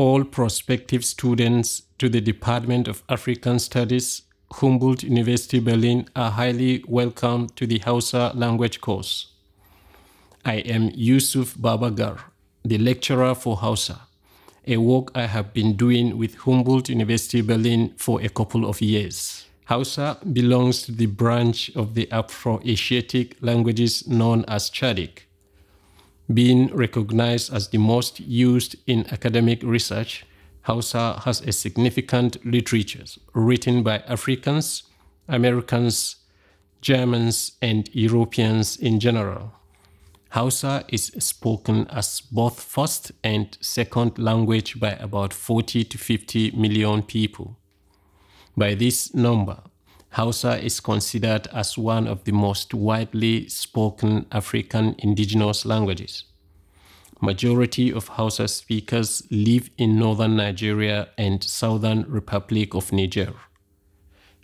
all prospective students to the Department of African Studies, Humboldt University Berlin are highly welcome to the Hausa language course. I am Yusuf Babagar, the lecturer for Hausa, a work I have been doing with Humboldt University Berlin for a couple of years. Hausa belongs to the branch of the Afro-Asiatic languages known as Chadic being recognized as the most used in academic research, Hausa has a significant literature written by Africans, Americans, Germans, and Europeans in general. Hausa is spoken as both first and second language by about 40 to 50 million people. By this number, Hausa is considered as one of the most widely spoken African indigenous languages. Majority of Hausa speakers live in northern Nigeria and southern Republic of Niger.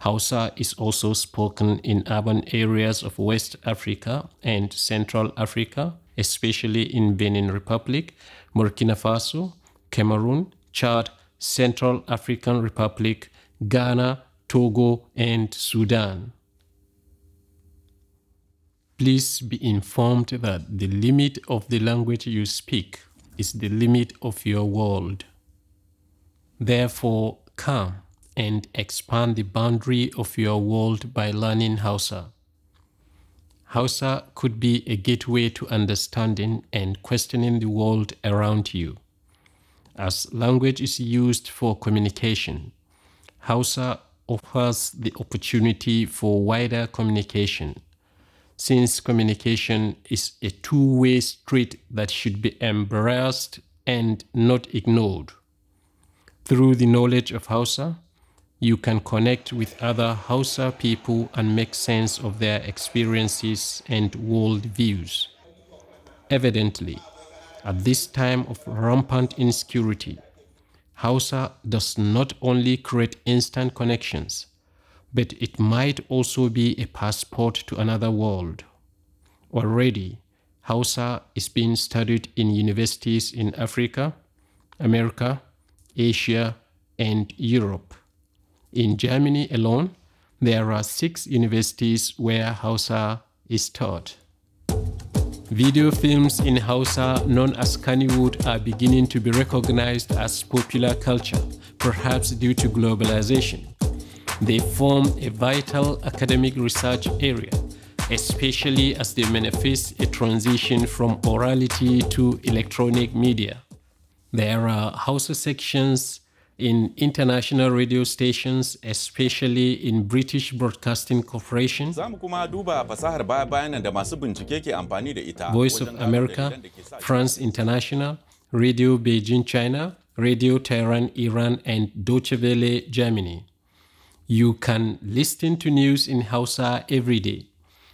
Hausa is also spoken in urban areas of West Africa and Central Africa, especially in Benin Republic, Burkina Faso, Cameroon, Chad, Central African Republic, Ghana, Togo, and Sudan. Please be informed that the limit of the language you speak is the limit of your world. Therefore, come and expand the boundary of your world by learning Hausa. Hausa could be a gateway to understanding and questioning the world around you. As language is used for communication, Hausa offers the opportunity for wider communication, since communication is a two way street that should be embraced and not ignored. Through the knowledge of Hausa, you can connect with other Hausa people and make sense of their experiences and world views. Evidently, at this time of rampant insecurity, Hausa does not only create instant connections, but it might also be a passport to another world. Already, Hausa is being studied in universities in Africa, America, Asia, and Europe. In Germany alone, there are six universities where Hausa is taught. Video films in Hausa, known as Kannywood, are beginning to be recognized as popular culture, perhaps due to globalization. They form a vital academic research area, especially as they manifest a transition from orality to electronic media. There are Hausa sections in international radio stations, especially in British Broadcasting Corporation, Voice of America, France International, Radio Beijing China, Radio Tehran Iran, and Deutsche Welle Germany. You can listen to news in Hausa every day.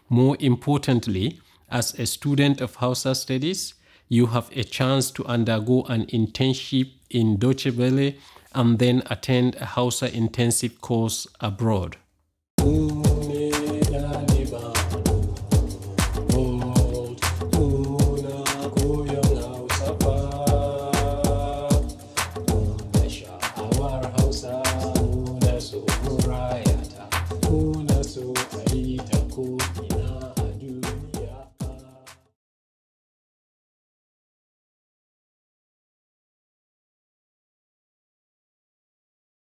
More importantly, as a student of Hausa studies, you have a chance to undergo an internship in Deutsche Welle and then attend a Hausa intensive course abroad.